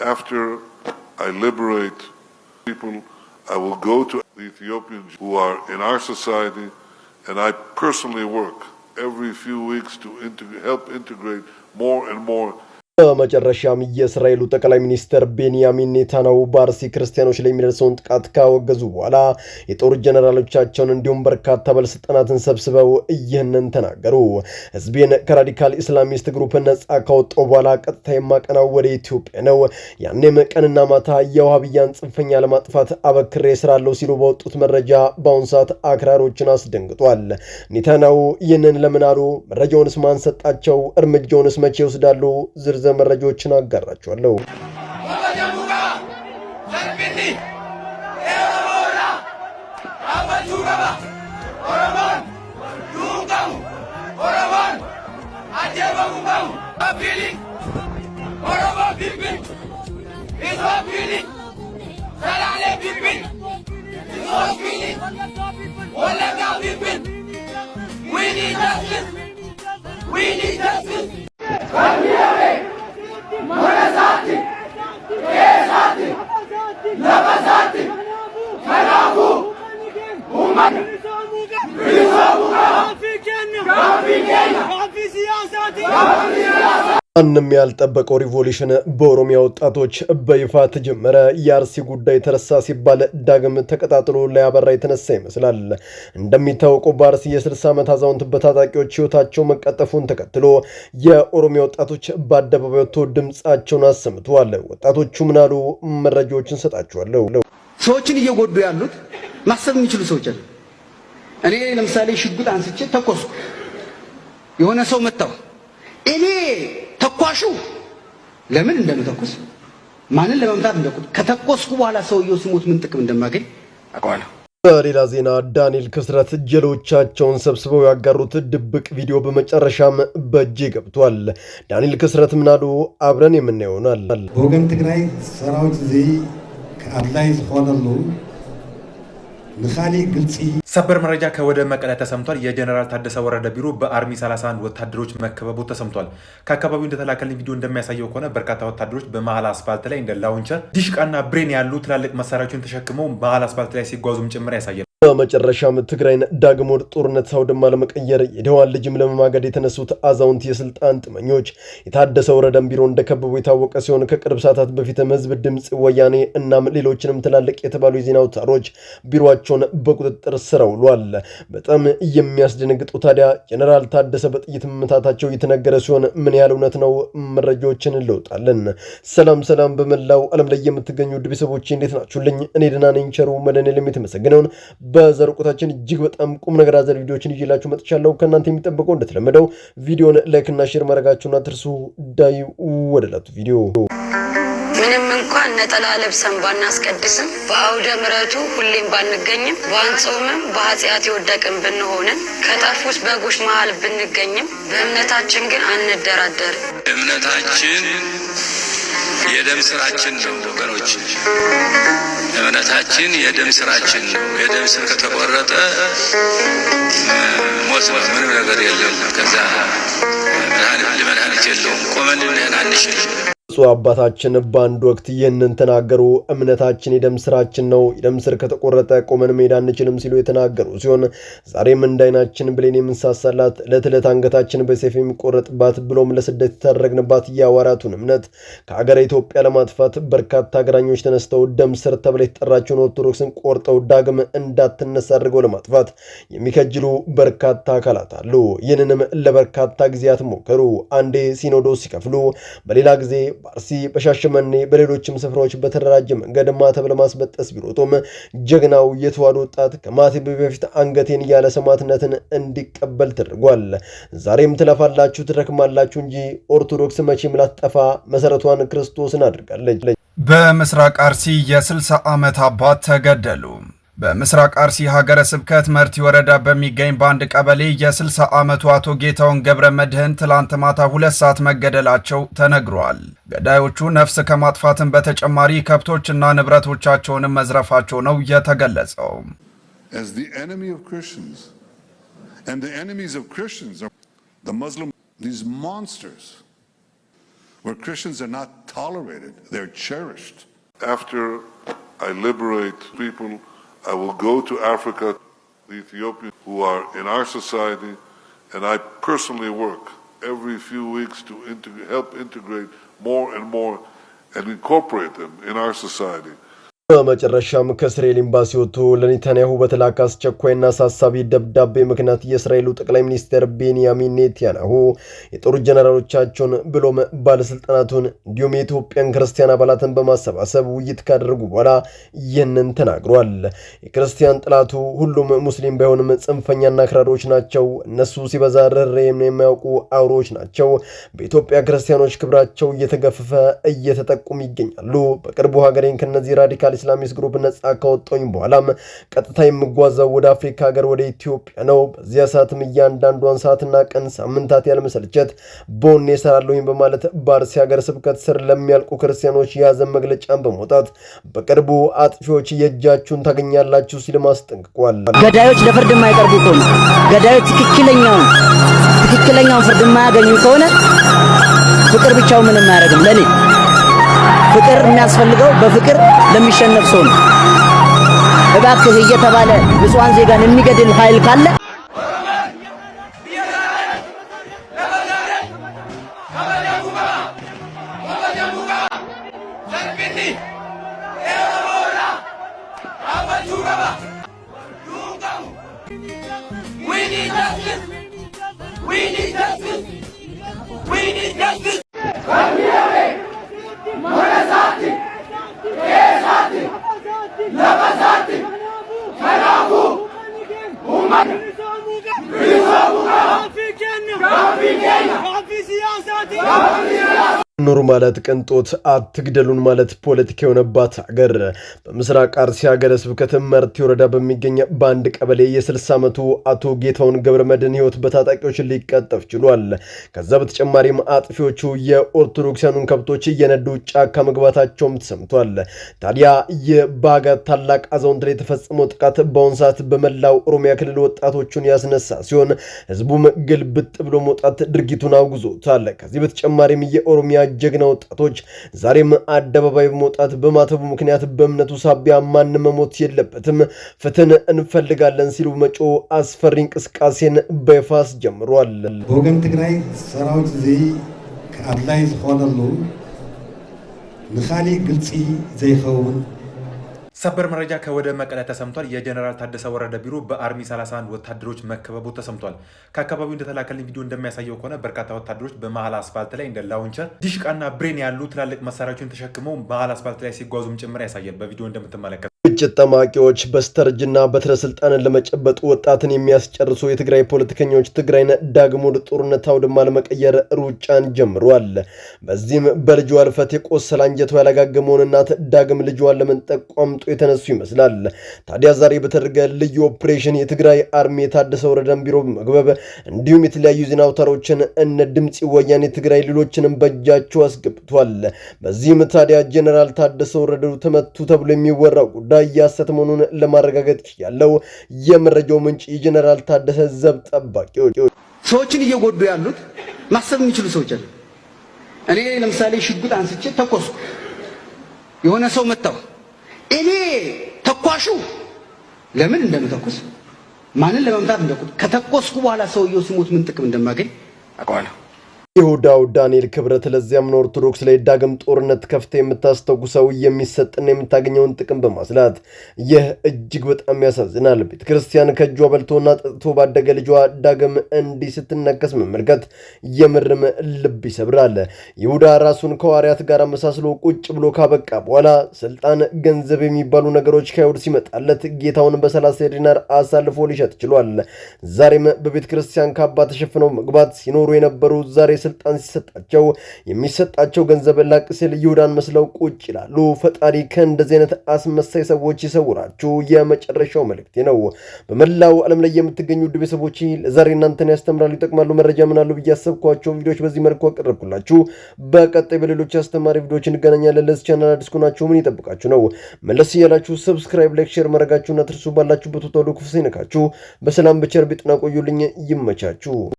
after I liberate people, I will go to the Ethiopians who are in our society, and I personally work every few weeks to help integrate more and more በመጨረሻም የእስራኤሉ ጠቅላይ ሚኒስትር ቤንያሚን ኔታንያሁ በአርሲ ክርስቲያኖች ላይ የሚደርሰውን ጥቃት ካወገዙ በኋላ የጦር ጀነራሎቻቸውን እንዲሁም በርካታ ባለስልጣናትን ሰብስበው ይህንን ተናገሩ። ህዝቤን ከራዲካል ኢስላሚስት ግሩፕ ነጻ ካወጣው በኋላ ቀጥታ የማቀናው ወደ ኢትዮጵያ ነው። ያኔም ቀንና ማታ የውሃብያን ጽንፈኛ ለማጥፋት አበክሬ ስራለሁ ሲሉ በወጡት መረጃ በአሁኑ ሰዓት አክራሪዎችን አስደንግጧል። ኔታናው ይህንን ለምን አሉ? መረጃውንስ ማን ሰጣቸው? እርምጃውንስ መቼ ይወስዳሉ? ዝርዝር የያዘ መረጃዎችን አጋራችኋለሁ። We need justice! We need justice! Kafi siyaset! Kafi siyaset! ማንም ያልጠበቀው ሪቮሉሽን በኦሮሚያ ወጣቶች በይፋ ተጀመረ። የአርሲ ጉዳይ ተረሳ ሲባል ዳግም ተቀጣጥሎ ሊያበራ የተነሳ ይመስላል። እንደሚታወቀው በአርሲ የ60 ዓመት አዛውንት በታጣቂዎች ህይወታቸው መቀጠፉን ተከትሎ የኦሮሚያ ወጣቶች በአደባባይ ወጥቶ ድምፃቸውን አሰምተዋል። ወጣቶቹ ምናሉ? መረጃዎችን ሰጣችኋለሁ። ሰዎችን እየጎዱ ያሉት ማሰብ የሚችሉ ሰዎች አሉ። እኔ ለምሳሌ ሽጉጥ አንስቼ ተኮስኩ፣ የሆነ ሰው መታው እኔ ተኳሹ ለምን እንደምተኩስ ማንን ለመምታት እንደኩት ከተኮስኩ በኋላ ሰውየው ሲሞት ምን ጥቅም እንደማገኝ አውቀዋለሁ። በሌላ ዜና ዳንኤል ክስረት ጀሎቻቸውን ሰብስበው ያጋሩት ድብቅ ቪዲዮ በመጨረሻም በእጄ ገብቷል። ዳንኤል ክስረት ምናሉ አብረን የምናየውናል። ይሆናል። ትግራይ ሰራዊት እዚ ከአድላይ ዝኾነሉ ንኻሊእ ግልፂ ሰበር መረጃ ከወደ መቀለ ተሰምቷል። የጀነራል ታደሰ ወረደ ቢሮ በአርሚ 31 ወታደሮች መከበቡ ተሰምቷል። ከአካባቢው እንደተላከልን ቪዲዮ እንደሚያሳየው ከሆነ በርካታ ወታደሮች በመሀል አስፋልት ላይ እንደ ላውንቸር ዲሽቃና ብሬን ያሉ ትላልቅ መሳሪያዎችን ተሸክመው መሀል አስፋልት ላይ ሲጓዙም ጭምር ያሳያል። በመጨረሻም ትግራይን ዳግም ወደ ጦርነት አውድማ ለመቀየር የደዋን ልጅም ለመማገድ የተነሱት አዛውንት የስልጣን ጥመኞች የታደሰ ወረደን ቢሮ እንደከበቡ የታወቀ ሲሆን ከቅርብ ሰዓታት በፊትም ህዝብ ድምፅ ወያኔ እናም ሌሎችንም ትላልቅ የተባሉ የዜና አውታሮች ቢሮቸውን በቁጥጥር ስር አውሏል። በጣም የሚያስደነግጡ ታዲያ ጀነራል ታደሰ በጥይት መመታታቸው እየተነገረ ሲሆን ምን ያህል እውነት ነው? መረጃዎችን እንለውጣለን። ሰላም ሰላም፣ በመላው ዓለም ላይ የምትገኙ ውድ እንዴት ናችሁልኝ? እኔ ደህና ነኝ። ቸሩ መድኃኔዓለም የተመሰገነውን በዘር ቁታችን እጅግ በጣም ቁም ነገር አዘል ቪዲዮዎችን ይዤላችሁ መጥቻለሁ። ከእናንተ የሚጠበቀው እንደተለመደው ቪዲዮን ላይክና ሼር ማድረጋችሁን አትርሱ። ዳይ ወደላቱ ቪዲዮ ምንም እንኳን ነጠላ ለብሰን ባናስቀድስም በአውደ ምረቱ ሁሌም ባንገኝም በአንጾምም በኃጢአት የወደቅን ብንሆንም ከጠፉት በጎች መሀል ብንገኝም በእምነታችን ግን አንደራደርም። እምነታችን የደም ስራችን ነው ወገኖች፣ እምነታችን የደም ስራችን ነው። የደም ስር ከተቆረጠ ሞት ነው፣ ምንም ነገር የለም። ከዛ መድኃኒት ለመድኃኒት የለውም። ቆመን ልንህን አንችል ብፁዕ አባታችን በአንድ ወቅት ይህንን ተናገሩ። እምነታችን የደም ስራችን ነው፣ የደም ስር ከተቆረጠ ቆመን መሄድ አንችልም ሲሉ የተናገሩ ሲሆን ዛሬም እንዳይናችን ብሌን የምንሳሳላት ዕለት ዕለት አንገታችን በሴፍ የሚቆረጥባት ብሎም ለስደት የተደረግንባት የሐዋርያቱን እምነት ከሀገረ ኢትዮጵያ ለማጥፋት በርካታ አገራኞች ተነስተው ደም ስር ተብለ የተጠራቸውን ኦርቶዶክስን ቆርጠው ዳግም እንዳትነሳ አድርገው ለማጥፋት የሚከጅሉ በርካታ አካላት አሉ። ይህንንም ለበርካታ ጊዜያት ሞከሩ። አንዴ ሲኖዶስ ሲከፍሉ፣ በሌላ ጊዜ በአርሲ በሻሸመኔ በሌሎችም ስፍራዎች በተደራጀ መንገድ ማተብ ለማስበጠስ ቢሮጡም ጀግናው የተዋሕዶ ወጣት ከማተብ በፊት አንገቴን እያለ ሰማዕትነትን እንዲቀበል ተደርጓል። ዛሬም ትለፋላችሁ ትደክማላችሁ እንጂ ኦርቶዶክስ መቼም ላትጠፋ መሰረቷን ክርስቶስን አድርጋለች። በምስራቅ አርሲ የ60 ዓመት አባት ተገደሉ። በምስራቅ አርሲ ሀገረ ስብከት መርቲ ወረዳ በሚገኝ በአንድ ቀበሌ የ60 ዓመቱ አቶ ጌታውን ገብረ መድህን ትላንት ማታ ሁለት ሰዓት መገደላቸው ተነግሯል። ገዳዮቹ ነፍስ ከማጥፋትን በተጨማሪ ከብቶችና ንብረቶቻቸውንም መዝረፋቸው ነው የተገለጸው። After I I will go to Africa, the Ethiopians who are in our society, and I personally work every few weeks to help integrate more and more and incorporate them in our society. በመጨረሻም ከእስራኤል ኤምባሲ ወጥቶ ለኔታንያሁ በተላከ አስቸኳይና አሳሳቢ ደብዳቤ ምክንያት የእስራኤሉ ጠቅላይ ሚኒስትር ቤንያሚን ኔታንያሁ የጦር ጀነራሎቻቸውን ብሎም ባለስልጣናቱን እንዲሁም የኢትዮጵያን ክርስቲያን አባላትን በማሰባሰብ ውይይት ካደረጉ በኋላ ይህንን ተናግሯል። የክርስቲያን ጥላቱ ሁሉም ሙስሊም ባይሆንም ጽንፈኛና ክራሮች ናቸው። እነሱ ሲበዛ ርር የማያውቁ አውሮዎች ናቸው። በኢትዮጵያ ክርስቲያኖች ክብራቸው እየተገፈፈ እየተጠቁም ይገኛሉ። በቅርቡ ሀገሬን ከነዚህ ራዲካል ኢስላሚስት ግሩፕ ነጻ ካወጣኝ በኋላም ቀጥታ የምጓዘው ወደ አፍሪካ ሀገር ወደ ኢትዮጵያ ነው። በዚያ ሰዓትም እያንዳንዷን ሰዓትና ቀን ሳምንታት ያለመሰልቸት ቦን የሰራለሁኝ በማለት ባርሲ ሀገር ስብከት ስር ለሚያልቁ ክርስቲያኖች የያዘን መግለጫን በመውጣት በቅርቡ አጥፊዎች የእጃችሁን ታገኛላችሁ ሲልም አስጠንቅቋል። ገዳዮች ለፍርድ የማይቀርቡ ከሆነ ገዳዮች ትክክለኛውን ትክክለኛውን ፍርድ የማያገኙ ከሆነ ፍቅር ብቻው ምንም አያደርግም ለኔ ፍቅር የሚያስፈልገው በፍቅር ለሚሸነፍ ሰው ነው። እባክህ እየተባለ ንጹሃን ዜጋን የሚገድል ኃይል ካለ Kafir kendim. Kafir kendim. Kafir siyasetim. Kafir siyasetim. ኑሩ ማለት ቅንጦት፣ አትግደሉን ማለት ፖለቲካ የሆነባት ሀገር በምስራቅ አርሲ ሀገረ ስብከት መርቲ ወረዳ በሚገኝ በአንድ ቀበሌ የ60 ዓመቱ አቶ ጌታውን ገብረ መድን ህይወት በታጣቂዎች ሊቀጠፍ ችሏል። ከዛ በተጨማሪም አጥፊዎቹ የኦርቶዶክሲያኑን ከብቶች እየነዱ ጫካ መግባታቸውም ተሰምቷል። ታዲያ ይህ ታላቅ አዛውንት ላይ የተፈጸመው ጥቃት በአሁኑ ሰዓት በመላው ኦሮሚያ ክልል ወጣቶቹን ያስነሳ ሲሆን ህዝቡም ግልብጥ ብሎ መውጣት ድርጊቱን አውግዞታል። ከዚህ በተጨማሪም የኦሮሚያ ጀግና ወጣቶች ዛሬም አደባባይ በመውጣት በማተቡ ምክንያት በእምነቱ ሳቢያ ማንም መሞት የለበትም፣ ፍትህን እንፈልጋለን ሲሉ መጮ አስፈሪ እንቅስቃሴን በይፋስ ጀምሯል። ወገን ትግራይ ሰራዊት እዚ ከአድላይ ዝኾነሉ ንኻሊእ ግልፂ ዘይኸውን ሰበር መረጃ ከወደ መቀለ ተሰምቷል። የጀነራል ታደሰ ወረደ ቢሮ በአርሚ 31 ወታደሮች መከበቡ ተሰምቷል። ከአካባቢው እንደተላከልን ቪዲዮ እንደሚያሳየው ከሆነ በርካታ ወታደሮች በመሀል አስፋልት ላይ እንደ ላውንቸር፣ ዲሽቃና ብሬን ያሉ ትላልቅ መሳሪያዎችን ተሸክመው መሀል አስፋልት ላይ ሲጓዙም ጭምር ያሳያል። በቪዲዮ እንደምትመለከቱ ግጭት ጠማቂዎች በስተርጅና በትረ ስልጣንን ለመጨበጥ ወጣትን የሚያስጨርሱ የትግራይ ፖለቲከኞች ትግራይን ዳግም ወደ ጦርነት አውድማ ለመቀየር ሩጫን ጀምሯል። በዚህም በልጇ እልፈት የቆሰለ አንጀቷ ያላጋገመውን እናት ዳግም ልጇን ለመንጠቅ ቋምጦ የተነሱ ይመስላል። ታዲያ ዛሬ በተደረገ ልዩ ኦፕሬሽን የትግራይ አርሚ የታደሰ ወረደን ቢሮ መግበብ እንዲሁም የተለያዩ ዜና አውታሮችን እነ ድምፂ ወያኔ የትግራይ ሌሎችንም በእጃቸው አስገብቷል። በዚህም ታዲያ ጄኔራል ታደሰ ወረደ ተመቱ ተብሎ የሚወራው ጉዳይ መሆኑን ለማረጋገጥ ያለው የመረጃው ምንጭ የጀነራል ታደሰ ዘብ ጠባቂዎች ሰዎችን እየጎዱ ያሉት ማሰብ የሚችሉ ሰዎች አሉ። እኔ ለምሳሌ ሽጉጥ አንስቼ ተኮስኩ፣ የሆነ ሰው መታው። እኔ ተኳሹ ለምን እንደምተኩስ ማንን ለመምታት እንደኩት ከተኮስኩ በኋላ ሰውየው ሲሞት ምን ጥቅም እንደማገኝ አውቀዋለሁ። ይሁዳው ዳንኤል ክብረት ለዚያም ኦርቶዶክስ ላይ ዳግም ጦርነት ከፍተ የምታስተጉሰው የሚሰጥና የምታገኘውን ጥቅም በማስላት ይህ እጅግ በጣም ያሳዝናል። ቤተ ክርስቲያን ከእጇ በልቶና ጠጥቶ ባደገ ልጇ ዳግም እንዲህ ስትነከስ መመልከት የምርም ልብ ይሰብራል። ይሁዳ ራሱን ከዋርያት ጋር አመሳስሎ ቁጭ ብሎ ካበቃ በኋላ ስልጣን፣ ገንዘብ የሚባሉ ነገሮች ከይሁድ ሲመጣለት ጌታውን በሰላሳ ዲናር አሳልፎ ሊሸጥ ችሏል። ዛሬም በቤተ ክርስቲያን ካባ ተሸፍነው መግባት ሲኖሩ የነበሩ ዛሬ ስልጣን ሲሰጣቸው የሚሰጣቸው ገንዘብ ላቅ ሲል ይሁዳን መስለው ቁጭ ይላሉ። ፈጣሪ ከእንደዚህ አይነት አስመሳይ ሰዎች ይሰውራችሁ የመጨረሻው መልእክቴ ነው። በመላው ዓለም ላይ የምትገኙ ውድ ቤተሰቦች ዛሬ እናንተን ያስተምራሉ፣ ይጠቅማሉ፣ መረጃ ምናሉ ብዬ ያሰብኳቸው ቪዲዮዎች በዚህ መልኩ አቀረብኩላችሁ። በቀጣይ በሌሎች አስተማሪ ቪዲዮዎች እንገናኛለን። ለዚህ ቻናል አዲስ ከሆናችሁ ምን ይጠብቃችሁ ነው? መለስ እያላችሁ ሰብስክራይብ፣ ላይክ፣ ሼር ማድረጋችሁና ትርሱ ባላችሁበት ወታዶ ክፍስ ይነካችሁ። በሰላም በቸር ቢጥና ቆዩልኝ። ይመቻችሁ።